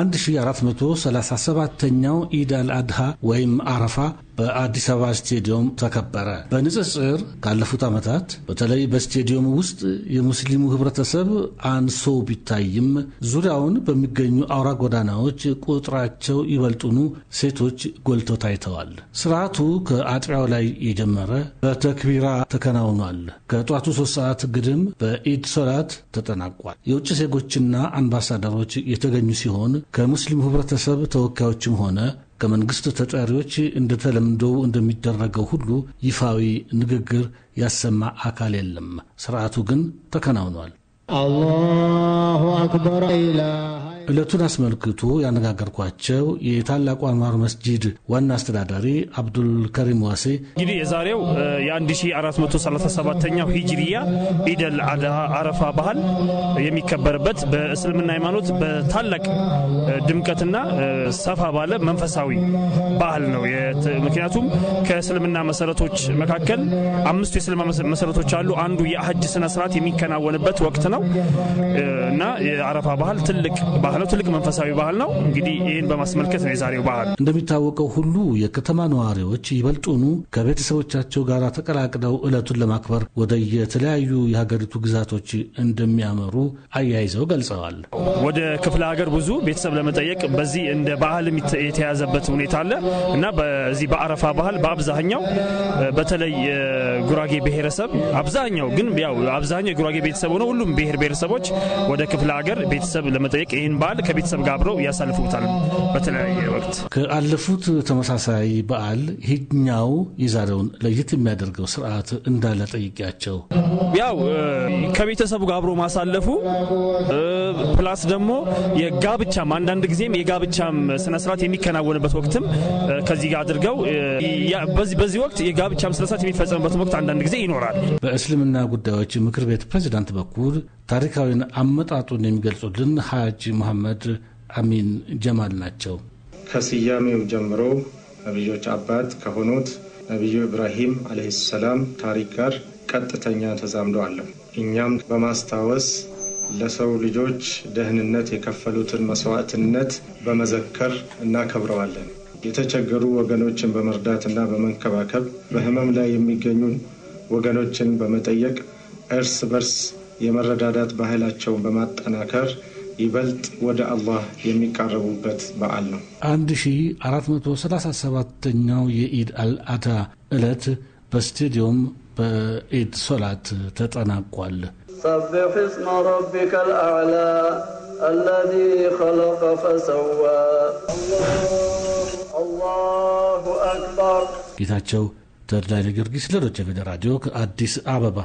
1447ኛው ኢዳል አድሃ ወይም አረፋ በአዲስ አበባ ስቴዲየም ተከበረ። በንጽጽር ካለፉት ዓመታት በተለይ በስቴዲየሙ ውስጥ የሙስሊሙ ህብረተሰብ አንሶ ቢታይም ዙሪያውን በሚገኙ አውራ ጎዳናዎች ቁጥራቸው ይበልጡኑ ሴቶች ጎልተው ታይተዋል። ስርዓቱ ከአጥቢያው ላይ የጀመረ በተክቢራ ተከናውኗል። ከጠዋቱ ሶስት ሰዓት ግድም በኢድ ሶላት ተጠናቋል። የውጭ ዜጎችና አምባሳደሮች የተገኙ ሲሆን ከሙስሊሙ ህብረተሰብ ተወካዮችም ሆነ ከመንግስት ተጠሪዎች እንደተለምደው እንደሚደረገው ሁሉ ይፋዊ ንግግር ያሰማ አካል የለም። ስርዓቱ ግን ተከናውኗል። አላሁ አክበር ዕለቱን አስመልክቶ ያነጋገርኳቸው የታላቁ አንዋር መስጂድ ዋና አስተዳዳሪ አብዱልከሪም ዋሴ እንግዲህ የዛሬው የ1437ኛው ሂጅሪያ ኢደል አረፋ ባህል የሚከበርበት በእስልምና ሃይማኖት በታላቅ ድምቀትና ሰፋ ባለ መንፈሳዊ ባህል ነው። ምክንያቱም ከእስልምና መሰረቶች መካከል አምስቱ የእስልምና መሰረቶች አሉ። አንዱ የአህጅ ስነስርዓት የሚከናወንበት ወቅት ነው እና የአረፋ ባህል ትልቅ ባህል ባህል ነው፣ ትልቅ መንፈሳዊ ባህል ነው። እንግዲህ ይህን በማስመልከት ነው የዛሬው ባህል። እንደሚታወቀው ሁሉ የከተማ ነዋሪዎች ይበልጡኑ ከቤተሰቦቻቸው ጋር ተቀላቅለው እለቱን ለማክበር ወደ የተለያዩ የሀገሪቱ ግዛቶች እንደሚያመሩ አያይዘው ገልጸዋል። ወደ ክፍለ ሀገር ብዙ ቤተሰብ ለመጠየቅ በዚህ እንደ ባህል የተያዘበት ሁኔታ አለ እና በዚህ በአረፋ ባህል በአብዛኛው በተለይ ጉራጌ ብሔረሰብ አብዛኛው ግን ያው አብዛኛው የጉራጌ ቤተሰብ ሆነ ሁሉም ብሔር ብሔረሰቦች ወደ ክፍለ ሀገር ቤተሰብ ለመጠየቅ ይህን በዓል ከቤተሰብ ጋር አብረው ያሳልፉታል። በተለያየ ወቅት ከአለፉት ተመሳሳይ በዓል ይህኛው የዛሬውን ለየት የሚያደርገው ስርዓት እንዳለ ጠይቂያቸው፣ ያው ከቤተሰቡ ጋር አብሮ ማሳለፉ ፕላስ ደግሞ የጋብቻም አንዳንድ ጊዜም የጋብቻም ስነስርዓት የሚከናወንበት ወቅትም ከዚህ ጋር አድርገው በዚህ ወቅት የጋብቻም ስነስርዓት የሚፈጸምበት ወቅት አንዳንድ ጊዜ ይኖራል። በእስልምና ጉዳዮች ምክር ቤት ፕሬዚዳንት በኩል ታሪካዊን አመጣጡን የሚገልጹልን ሐጂ መሐመድ አሚን ጀማል ናቸው። ከስያሜው ጀምሮ ነቢዮች አባት ከሆኑት ነቢዩ ኢብራሂም ዓለይሂ ሰላም ታሪክ ጋር ቀጥተኛ ተዛምዶ አለው። እኛም በማስታወስ ለሰው ልጆች ደህንነት የከፈሉትን መስዋዕትነት በመዘከር እናከብረዋለን። የተቸገሩ ወገኖችን በመርዳትና በመንከባከብ በህመም ላይ የሚገኙ ወገኖችን በመጠየቅ እርስ በርስ የመረዳዳት ባህላቸውን በማጠናከር ይበልጥ ወደ አላህ የሚቃረቡበት በዓል ነው። 1437ኛው የኢድ አልአዳ ዕለት በስቴዲየም በኢድ ሶላት ተጠናቋል። ሰቢሕ እስመ ረቢከ ልአዕላ አለዚ ኸለቀ ፈሰዋ። አላሁ አክበር። ጌታቸው ተድላ ገብረ ጊዮርጊስ ለዶይቼ ቬለ ራዲዮ ከአዲስ አበባ